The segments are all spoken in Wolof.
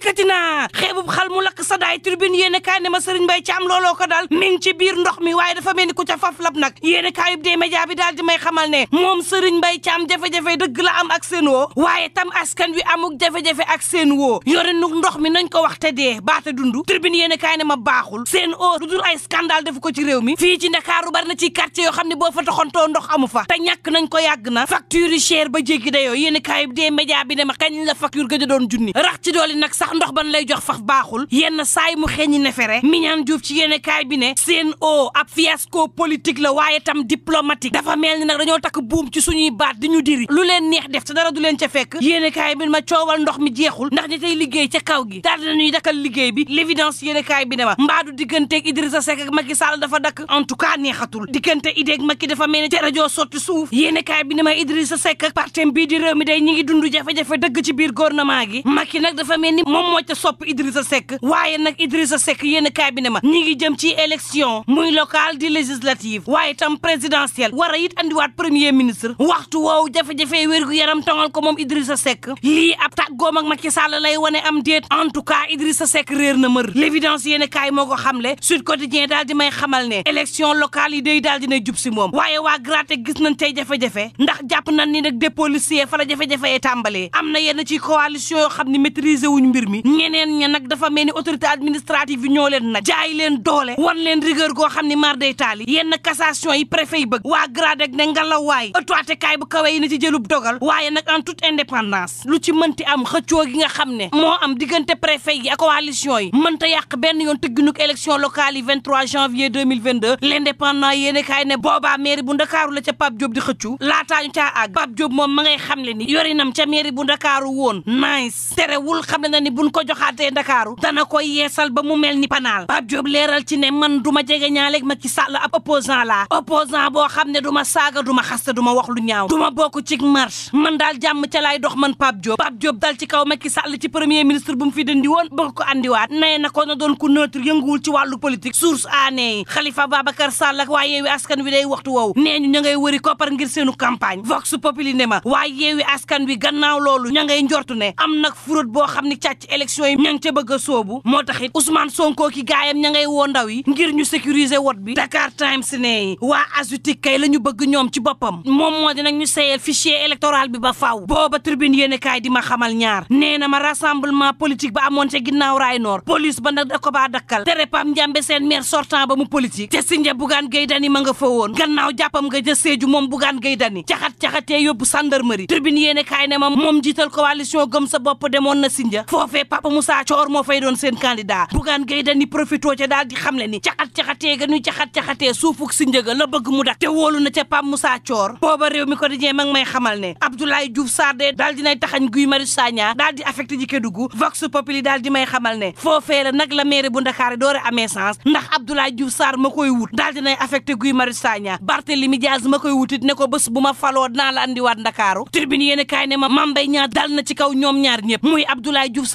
dikkati naa xeebub xal mu lakk sa daay tribune yéen a kaay ne ma sëriñ Mbay Caam looloo ko daal mi ngi ci biir ndox mi waaye dafa mel ni ku ca faf lab nag yéen a dee média bi daal di may xamal ne moom sëriñ Mbay Caam jafe-jafe dëgg la am ak seen woo waaye tam askan wi amuk jafe-jafe ak seen woo yore nu ndox mi nañ ko wax te dee baata dund tribune yéen a kaay ne ma baaxul seen oo lu dul ay scandale def ko ci réew mi fii ci Ndakaaru bari na ci quartier yoo xam ne boo fa toxantoo ndox amu fa te ñàkk nañ ko yàgg na facture yi cher ba jéggi dayoo yéen a kaayub média bi ne ma kañ la facture gëj a doon junni rax nag sax ndax ndox ban lay jox fax baaxul yenn saay mu xeeñi nefere Mignane Diouf ci yéene kaay bi ne seen o ab fiasco politique la waaye tam diplomatique dafa mel ni nag dañoo takk buum ci suñuy baat di ñu diri lu leen neex def te dara du leen ca fekk yéene kaay bi ma coowal ndox mi jeexul ndax ñi tey liggéey ca kaw gi daal dinañuy dakkal liggéey bi l'évidence yéene kaay bi ne ma mbaadu digganteeg Idrissa Seck ak Macky Sall dafa dakk en tout cas neexatul diggante ideeg Macky dafa mel ni ca rajo sotti suuf yéene kaay bi ne ma Idrissa Seck ak partem bii di réew mi day ñi ngi dund jafe-jafe ci biir gouvernement gi Macky nag dafa mel ni moom moo ca sopp Idrissa Seck waaye nag Idrissa Seck yéen kaay bi ne ma ñi ngi jëm ci élection muy locale di législative waaye tam présidentielle war a it andiwaat premier ministre waxtu woowu jafe-jafe wérgu yaram tongal ko moom Idrissa Seck lii ab tàggoom ak Macky Sall lay wane am déet en tout cas Idrissa Seck réer na mër l'évidence yéen kaay moo ko xamle Sud Quotidien daal di may xamal ne élection locale yi day daal dina jub si moom waaye waa gratte gis nañ tey ndax jàpp nañ ni nag des policiers fa la jafe-jafe tàmbalee am na yenn ci coalition yoo xam ne maîtriser wuñ mbir mi ñeneen ña nag dafa mel ni autorité administrative yi ñoo leen naj jaay leen doole wan leen rigueur goo xam ni mar day taali yenn cassation yi préfet yi bëgg waa grade ak ne ngelaw waay ëttuwaatekaay bu kawe yi ni ci dogal waaye nag en toute indépendance lu ci mënti am xëccoo gi nga xam ne moo am diggante préfet yi ak coalition yi mënta yàq benn yoon tëgginuk élection locale yi 23 janvier 2022 l'indépendant yéene kaay ne boobaa mairie bu ndakaaru la ca Pape Diop di xëccu laataa ñu caa àgg Pape Diop moom ca bu ndakaaru woon nice terewul xam le ni buñ ko joxaatee ndakaaru dana ko yeesal ba mu mel ni panaal Pape Diop leeral ci ne man du ma jege ñaaleeg Macky Sall ab opposant la opposant boo xam ne duma saaga duma ma xasta du ma wax lu ñaaw du ma bokk ci marche man daal jàmm ca laay dox man Pape Diop Pape Diop dal ci kaw Macky sàll ci premier ministre bu mu fi dindi woon bëgg ko andiwaat nee na ko na doon ku neutre yënguwul ci wàllu politique source aané yi Khalifa Babacar Sall ak waa yeewi wi waxtu woowu nee ñu ña ngay wëri koppar ngir seenu campagne vox populi ne ma waa yeewi askan wi gannaaw loolu ña ne am boo xam ni sàcc élection yi ña ngi ca bëgg a soobu moo tax it Ousmane Sonko ki gaayam ña ngay woo ndaw yi ngir ñu sécuriser wot bi Dakar Times ne waa azutik kay la ñu bëgg ñoom ci boppam moom moo di nag ñu sayel fichier électoral bi ba faaw booba tribune yéen kaay di ma xamal ñaar nee na ma rassemblement politique ba amoon ca ginnaaw raay noor police ba nag da ko baa dakkal tere Pam Njambe seen maire sortant ba mu politique te Sinja Bougane Gueye Dany ma nga fa woon gannaaw jàppam nga ja Sédhiou moom Bougane Gueye Dany caxat-caxatee yóbbu gendarmerie tribune yéen kaay ne ma moom jiital coalition gëm sa bopp demoon na Sinja foofee Papa Moussa Thior moo fay doon seen candidat Bougane Gueye Dany profito ca daal di xamle ni caxat-caxatee ga ñu caxat-caxatee suufuk si njëga la bëgg mu dak te wóolu na ca Papa Moussa Thior booba réew mi quotidien ma ngi may xamal ne Abdoulaye Diouf Sarr de daal dinay taxañ Guy Marius Sagna daal di affecté ji Kédougou Vox Populi daal di may xamal ne foofee la nag la maire bu Ndakaar doore amee sens ndax Abdoulaye Diouf Sarr ma koy wut daal ma koy wutit ne bu ma faloo dinaa la andiwaat Ndakaaru tribune yéen kaay ne ma Mame Mbaye dal na ci kaw ñoom ñaar ñëpp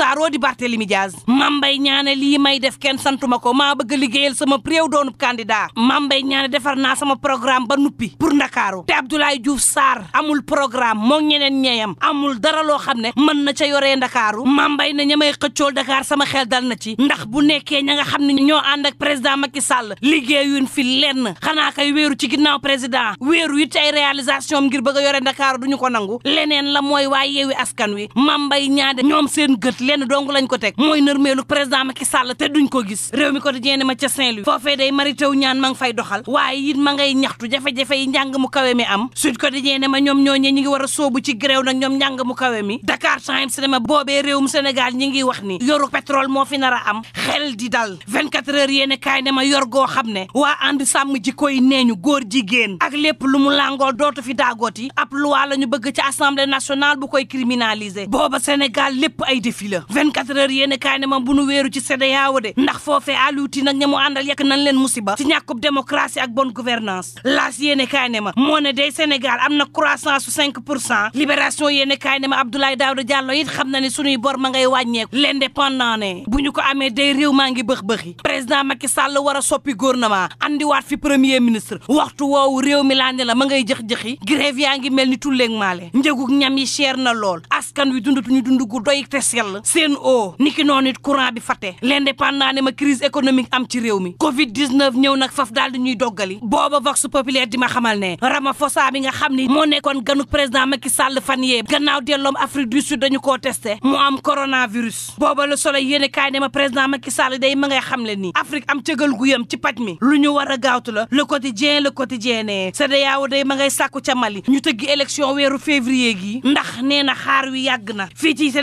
tasaaroo di Barthélemy Diaz Mame Mbaye Niang lii may def kenn santuma ko maa bëgg a sama réew doonub candidat Mame Mbaye Niang defar naa sama programme ba nuppi pour Ndakaaru te Abdoulaye Diouf Sarr amul programme moo ñeneen ñeeyam amul dara loo xam ne mën na ca yoree Ndakaaru mambay Mbaye na ña may xëccool Dakar sama xel dal na ci ndax bu nekkee ña nga xam ne ñoo ànd ak président Macky Sall liggéeyuñ fi lenn xanaa kay wéeru ci ginnaaw président wéeru it ay réalisation ngir bëgg a yore Ndakaaru duñu ko nangu leneen la mooy waa yeewi askan wi Mame Mbaye ñoom seen gët na dong lañ ko teg mooy nërmeelu président Macky Sall te duñ ko gis réew mi quotidien ma ca Saint-Louis foofee day mari taw ñaan ma ngi fay doxal waaye it ma ngay ñaxtu jafe-jafe yi njàng mu kawe mi am Sud Quotidien ne ma ñoom ñooñee ñi ngi war soobu sóobu ci gréew nag ñoom njàng mu kawe mi Dakar Times ne ma boobee réewum Sénégal ñi ngi wax ni yoru pétrole moo fi nar a am xel di dal 24 heures yéene kaay ne ma yor goo xam ne waa ànd sàmm ji koy nee ñu góor jigéen ak lépp lu mu làngoo dootu fi daagooti ab loi la ñu bëgg ci assemblée nationale bu koy criminaliser booba Sénégal lépp ay défi la 24 heures yéene kaay ma bu nu wéeru ci CEDEAO de ndax foofee aluuti nag ña mu àndal yekk nañ leen musiba ci ñàkkub démocratie ak bonne gouvernance laas yéene kaay ne ma moo ne day Sénégal am na croissance su 5 pour cent libération yéene kaay ne ma Abdoulaye Daouda Diallo it xam na ne suñuy bor ma ngay wàññeeku l'indépendant ne bu ñu ko amee day réew maa ngi bëx-bëxi président Macky Sall war a soppi gouvernement andiwaat fi premier ministre waxtu woowu réew mi laa la ma ngay jëx-jëxi grève yaa ngi mel ni tulleeg maale njëgug ñam yi cher na lool askan wi dundatuñu dund gu doy te sell seen o niki noonu it courant bi fate l'indépendant ne ma crise économique am ci réew mi covid 19 ñëw nag faf daal di ñuy doggali booba vox populaire di ma xamal ne Ramaphosa bi nga xam ni moo nekkoon ganuk président Macky Sall fan yee gannaaw delloom Afrique du Sud dañu koo testé mu am coronavirus booba le soleil yéene kaay ne ma président Macky Sall day ma ngay xam le ni Afrique am cëgal guyam ci paj mi lu ñu war a gaawtu la le quotidien le quotidien ne CEDEAO day ma ngay sàkku ca Mali ñu tëggi élection weeru février gi ndax nee na xaar wi yàgg na fii ci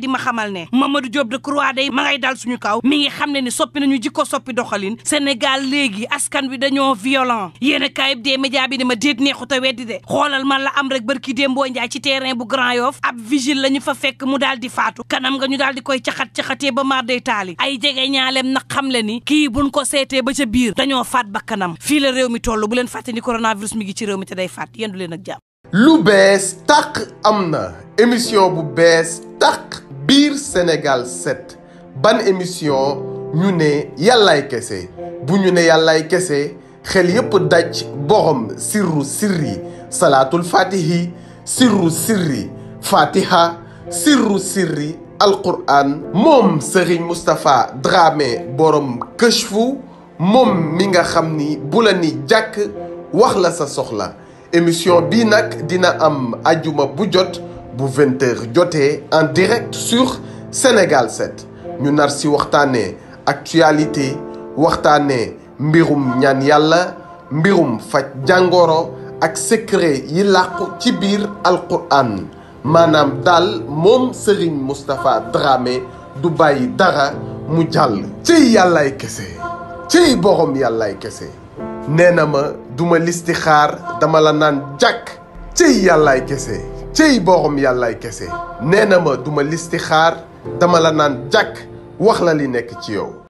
di ma xamal ne ma Mamadou Diop Decroix day ma ngay dal suñu kaw mi ngi xam ne ni soppi nañu jikko soppi doxalin Sénégal léegi askan bi dañoo violent yéen a kaayib dee média bi ne ma déet neexut a weddi de xoolal man la am rek bërki démboo njaay ci terrain bu Grand Yoff ab vigile la ñu fa fekk mu daal di faatu kanam nga ñu daal di koy caxat-caxatee ba maar day taali ay jege ñaaleem nag xam le ni kii buñ ko seetee ba ca biir dañoo faat ba kanam fii la réew mi toll leen fàtte ni coronavirus mi ngi ci réew mi te day faat yendu leen ak jàmm lu bees tàq am na émission bu bees biir Sénégal set ban émission ñu ne yàllaay kese bu ñu ne yàllaay kese xel yépp daj borom sirru sirri salaatul fatihi sirru sirri fatiha sirru sirri alquran moom Serigne Moustapha Dramé borom këchfu moom mi nga xam ni bu la ni jàkk wax la sa soxla émission bii nag dina am ajuma bu jot bu 20 jotee en direct sur Sénégal set ñu nar si waxtaanee actualité waxtaanee mbirum ñaan yàlla mbirum faj jàngoro ak secret yi làqu ci biir alquran maanaam daal moom Serigne Moustapha Dramé du bàyyi dara mu jàll. ciy yàllaay kese ciy borom yàllaay kese nee na ma duma listixaar dama la naan jàkk ciy yàllaay kese. cey boroom yàllaay kese nee na ma duma xaar dama la naan jàkk wax la li nekk ci yow